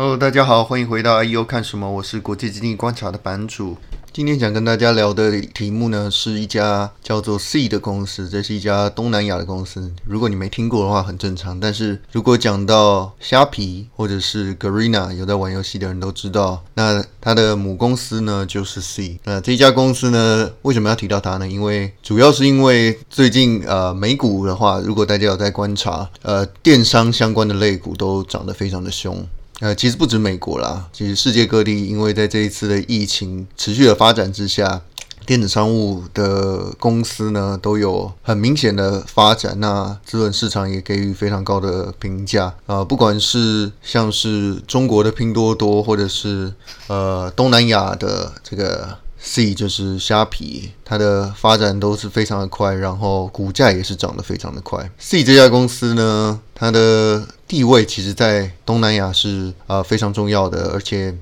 Hello，大家好，歡迎回到 IEO 看什麼？我是國際經濟觀察的版主。今天想跟大家聊的題目呢，是一家叫做 Sea 的公司，這是一家東南亞的公司。如果你沒聽過的話，很正常。但是如果講到蝦皮或者是 Garena，有在玩遊戲的人都知道，那它的母公司呢就是 Sea。那、呃、這家公司呢，為什麼要提到它呢？因為主要是因為最近呃美股的話，如果大家有在觀察，呃電商相關的類股都漲得非常的凶。呃，其實不止美國啦，其實世界各地，因為在這一次的疫情持續的發展之下，電子商務的公司呢都有很明顯的發展啊，那資本市場也給予非常高的評價啊，呃，不管是像是中國的拼多多，或者是呃東南亞的這個。Sea 就是蝦皮，它的發展都是非常的快，然後股價也是漲得非常的快。Sea 這家公司呢，它的地位其實在東南亞是呃非常重要的，而且。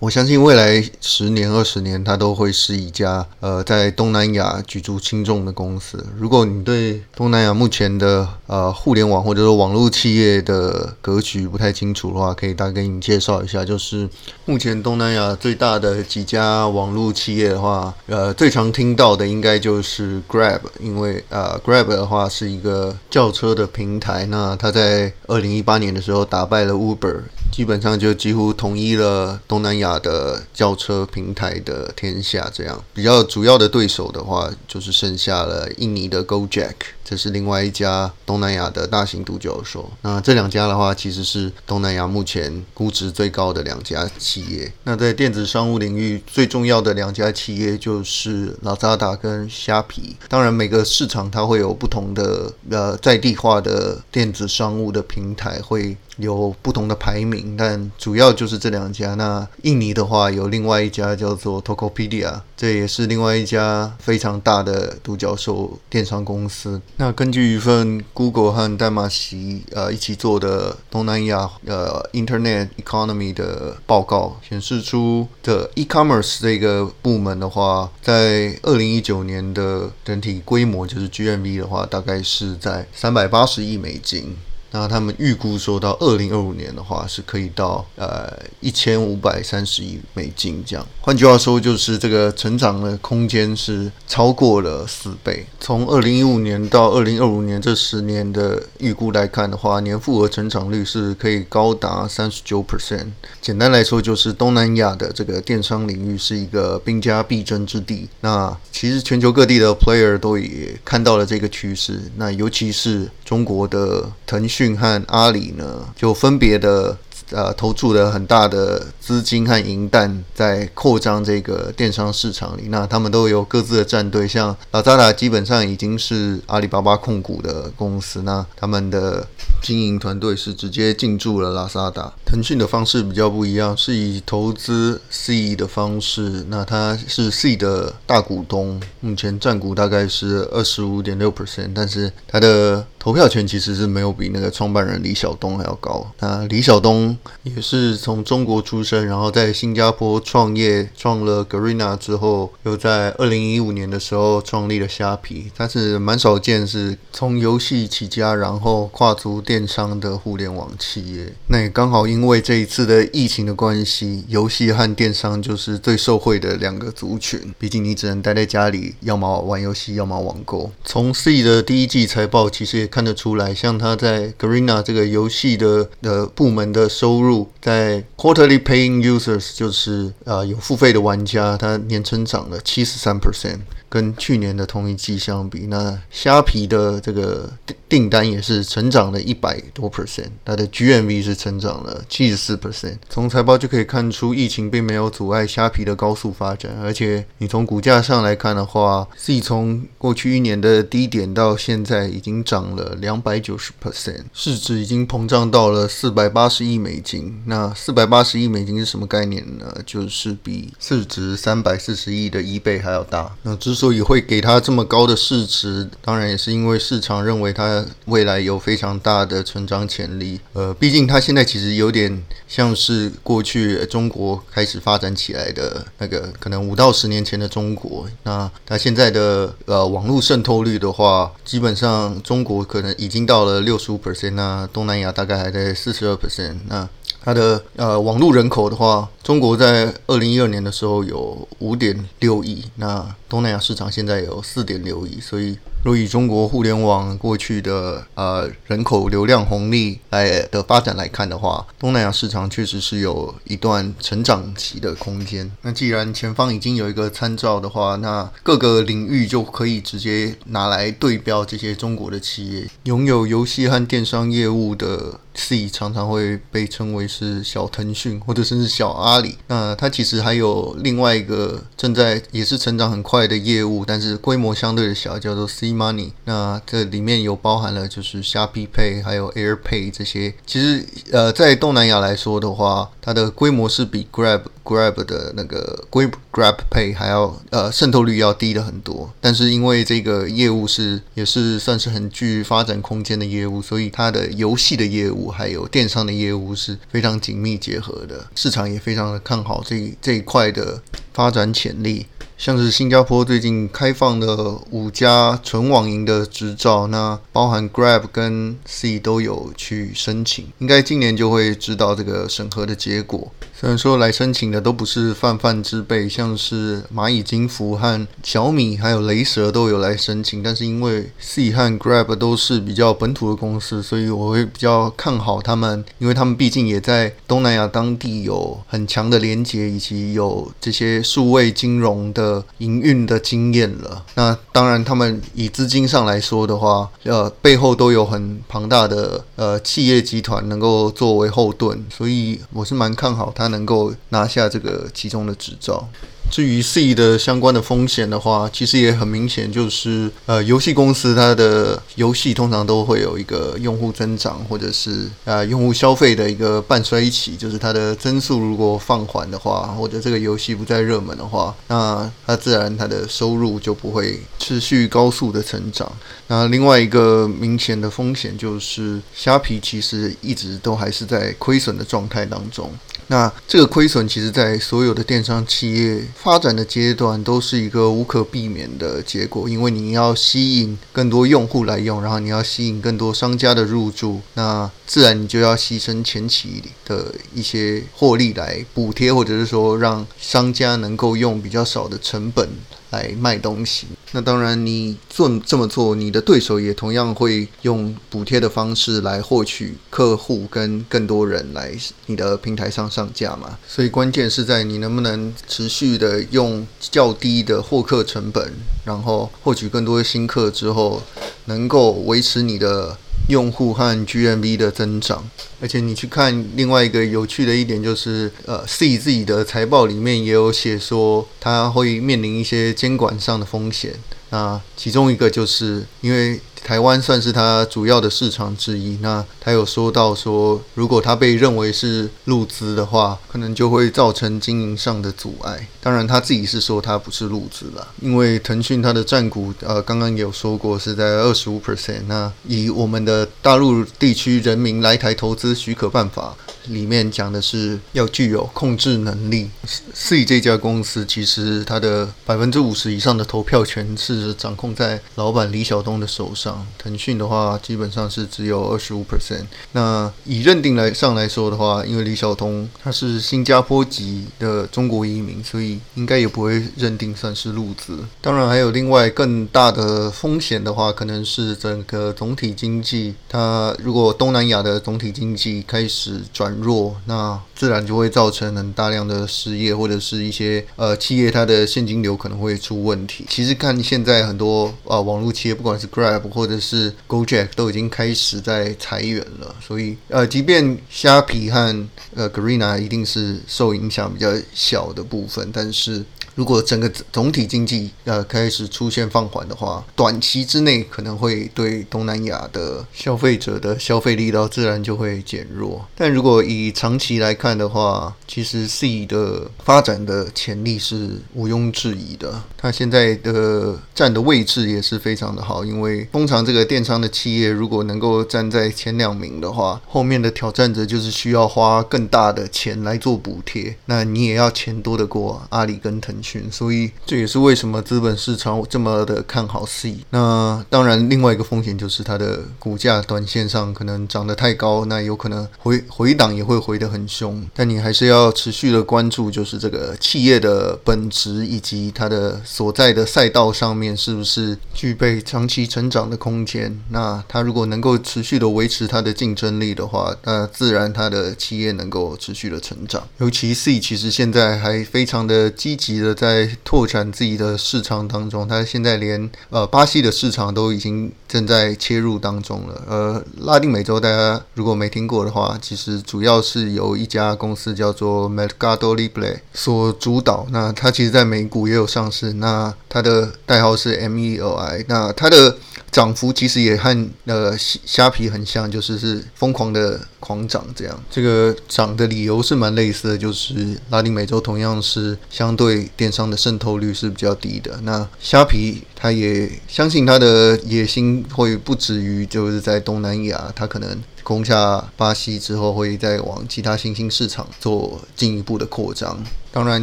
我相信未來十年、二十年，它都會是一家呃在東南亞舉足輕重的公司。如果你對東南亞目前的呃互聯網或者說網絡企業的格局不太清楚的話，可以大概給你介紹一下。就是目前東南亞最大的幾家網絡企業的話，呃，最常聽到的應該就是 Grab，因為呃 Grab 的話是一個叫車的平台。那它在二零一八年的時候打敗了 Uber。.基本上就幾乎統一了東南亞的叫車平台的天下，這樣比較主要的對手的話，就是剩下了印尼的 Gojek。這是另外一家東南亞的大型獨角獸。那這兩家的話，其實是東南亞目前估值最高的兩家企業。那在電子商務領域最重要的兩家企業就是 Lazada 跟蝦皮。當然，每個市場它會有不同的呃在地化的電子商務的平台會有不同的排名，但主要就是這兩家。那印尼的話有另外一家叫做 Tokopedia，這也是另外一家非常大的獨角獸電商公司。那根據一份 Google 和淡馬錫呃一起做的東南亞呃 Internet Economy 的報告顯示出、e、的 e-commerce 這個部門的話，在2019年的整體規模，就是 GMV 的話，大概是在380億美金。那他們預估說到，二零二五年的話是可以到呃一千五百三十億美金這樣。換句話說，就是這個成長的空間是超過了四倍。從二零一五年到二零二五年這十年的預估來看的話，年複合成長率是可以高達三十九 percent。簡單來說，就是東南亞的這個電商領域是一個兵家必爭之地。那其實全球各地的 player 都也看到了這個趨勢。那尤其是中國的騰訊。訊和阿里呢，就分別的。呃、啊，投注了很大的資金和銀彈在擴張這個電商市場裡，那他們都有各自的戰隊，像拉扎達基本上已經是阿里巴巴控股的公司，那他們的經營團隊是直接進駐了拉薩達。騰訊的方式比較不一樣，是以投資 C 的方式，那他是 C 的大股東，目前佔股大概是二十五點六 percent，但是他的投票權其實是沒有比那個創辦人李小冬還要高，那李小冬。也是從中國出生，然後在新加坡創業，創了 Garena 之後，又在二零一五年的時候創立了蝦皮。但是蠻少見，是從遊戲起家，然後跨足電商的互聯網企業。那也剛好因為這一次的疫情的關係，遊戲和電商就是最受惠的兩個族群。畢竟你只能待在家裡，要麼玩遊戲，要麼網購。從 Sea 的第一季財報其實也看得出來，像他在 Garena 這個遊戲的的部門的時候。收入在 quarterly paying users，就是啊、呃、有付費的玩家，他年成長了七十三 percent，跟去年的同一季相比，那蝦皮的這個訂訂單也是成長了一百多 percent，它的 GMV 是成長了七十四 percent。從財報就可以看出，疫情並沒有阻礙蝦皮的高速發展，而且你從股價上來看的話，Sea 從過去一年的低點到現在已經漲了兩百九十 percent，市值已經膨脹到了四百八十億美元。美金，那四百八十億美金是什麼概念呢？就是比市值三百四十億的 eBay 還要大。那之所以會給他這麼高的市值，當然也是因為市場認為他未來有非常大的成長潛力。呃，畢竟他現在其實有點像是過去中國開始發展起來的那個，可能五到十年前的中國。那他現在的呃網絡滲透率的話，基本上中國可能已經到了六十五 percent，那東南亞大概還在四十二 percent 那，它的呃網絡人口的話，中國在二零一二年的時候有五點六億，那東南亞市場現在有四點六億，所以。若以中國互聯網過去的呃人口流量紅利來的發展來看的話，東南亞市場確實是有一段成長期的空間。那既然前方已經有一個參照的話，那各個領域就可以直接拿來對標這些中國的企業。擁有遊戲和電商業務的 Sea 常常會被稱為是小騰訊或者甚至小阿里。那它其實還有另外一個正在也是成長很快的業務，但是規模相對的小，叫做 Sea。Money，那這裡面有包含了就是蝦皮 Pay，還有 Air Pay 這些。其實，呃，在東南亞來說的話，它的規模是比 Grab Grab 的那個 Grab Grab Pay 還要呃滲透率要低了很多。但是因為這個業務是也是算是很具發展空間的業務，所以它的遊戲的業務還有電商的業務是非常緊密結合的，市場也非常看好這這一塊的發展潛力。像是新加坡最近開放的五家純網銀的執照，那包含 Grab 跟 Sea 都有去申請，應該今年就會知道這個審核的結果。雖然說來申請的都不是泛泛之輩，像是螞蟻金服和小米，還有雷蛇都有來申請，但是因為 Sea 和 Grab 都是比較本土的公司，所以我會比較看好他們，因為他們畢竟也在東南亞當地有很強的連接，以及有這些數位金融的營運的經驗了。那當然，他們以資金上來說的話，呃，背後都有很龐大的呃企業集團能夠作為後盾，所以我是蠻看好他。能夠拿下這個其中的執照。至於 Sea 的相關的風險的話，其實也很明顯，就是呃，遊戲公司它的遊戲通常都會有一個用戶增長或者是呃用戶消費的一個半衰期，就是它的增速如果放緩的話，或者這個遊戲不再熱門的話，那它自然它的收入就不會持續高速的成長。那另外一個明顯的風險就是，蝦皮其實一直都還是在虧損的狀態當中。那這個虧損，其實，在所有的電商企業發展的階段，都是一個無可避免的結果。因為你要吸引更多用戶來用，然後你要吸引更多商家的入駐，那自然你就要犧牲前期的一些獲利來補貼，或者是說讓商家能夠用比較少的成本來賣東西。那當然，你做這麼做，你的對手也同樣會用補貼的方式來獲取客戶跟更多人來你的平台上上架嘛。所以關鍵是在你能不能持續的用較低的獲客成本，然後獲取更多的新客之後，能夠維持你的。用戶和 GMV 的增長，而且你去看另外一個有趣的一點就是，呃，C 自己的財報裡面也有寫說，它會面臨一些監管上的風險，那其中一個就是因為。臺灣算是他主要的市場之一。那他有說到說，如果他被認為是陸資的話，可能就會造成經營上的阻礙。當然，他自己是說他不是陸資了，因為騰訊它的占股，呃，剛剛也有說過是在二十五 percent。那以我們的大陸地區《人民來台投資許可辦法》裡面講的是要具有控制能力 C，C 這家公司其實它的百分之五十以上的投票權是掌控在老闆李小冬的手上。騰訊的話，基本上是只有二十五 percent。那以認定來上來說的話，因為李小冬他是新加坡籍的中國移民，所以應該也不會認定算是陸資。當然，還有另外更大的風險的話，可能是整個總體經濟。它如果東南亞的總體經濟開始轉弱，那自然就會造成很大量的失業，或者是一些呃企業它的現金流可能會出問題。其實看現在很多啊、呃、網絡企業，不管是 Grab 或。或者是 GoJack 都已經開始在裁員了，所以呃，即便蝦皮和呃 Garena 一定是受影響比較小的部分，但是。如果整個總體經濟呃開始出現放緩的話，短期之內可能會對東南亞的消費者的消費力道自然就會減弱。但如果以長期來看的話，其實 Sea 的發展的潛力是毋庸置疑的。它現在的站的位置也是非常的好，因為通常這個電商的企業如果能夠站在前兩名的話，後面的挑戰者就是需要花更大的錢來做補貼。那你也要錢多得過、啊、阿里跟騰。所以這也是為什麼資本市場這麼的看好 C。那當然，另外一個風險就是它的股價短線上可能漲得太高，那有可能回回檔也會回得很兇。但你還是要持續的關注，就是這個企業的本質以及它的所在的賽道上面是不是具備長期成長的空間。那它如果能夠持續的維持它的競爭力的話，那自然它的企業能夠持續的成長。尤其 C 其實現在還非常的積極的在拓展自己的市場當中，他現在連呃巴西的市場都已經正在切入當中了。呃，拉丁美洲大家如果沒聽過的話，其實主要是由一家公司叫做 Mercado Libre 所主導。那它其實在美股也有上市，那它的代號是 MELI，那它的漲幅其實也和呃蝦蝦皮很像，就是是瘋狂的狂漲這樣。這個漲的理由是蠻類似的，就是拉丁美洲同樣是相對電商的滲透率是比較低的。那蝦皮。他也相信他的野心會不止於就是在東南亞，他可能攻下巴西之後，會再往其他新興市場做進一步的擴張。當然，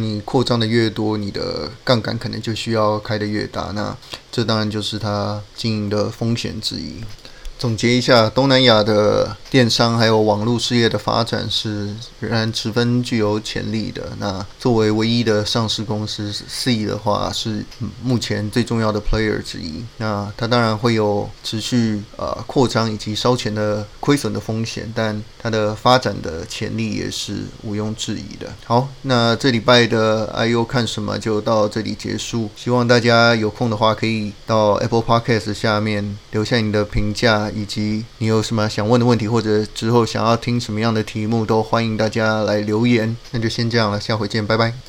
你擴張的越多，你的槓桿可能就需要開的越大。那這當然就是他經營的風險之一。總結一下，東南亞的電商還有網絡事業的發展是仍然十分具有潛力的。那作為唯一的上市公司 Sea 的話，是目前最重要的 player 之一。那它當然會有持續呃擴張以及燒錢的虧損的風險，但它的發展的潛力也是毋庸置疑的。好，那這禮拜的 IEO 看什麼就到這裡結束。希望大家有空的話可以到 Apple Podcast 下面留下你的評價。以及你有什麼想問的問題，或者之後想要聽什麼樣的題目，都歡迎大家來留言。那就先這樣了，下回見，拜拜。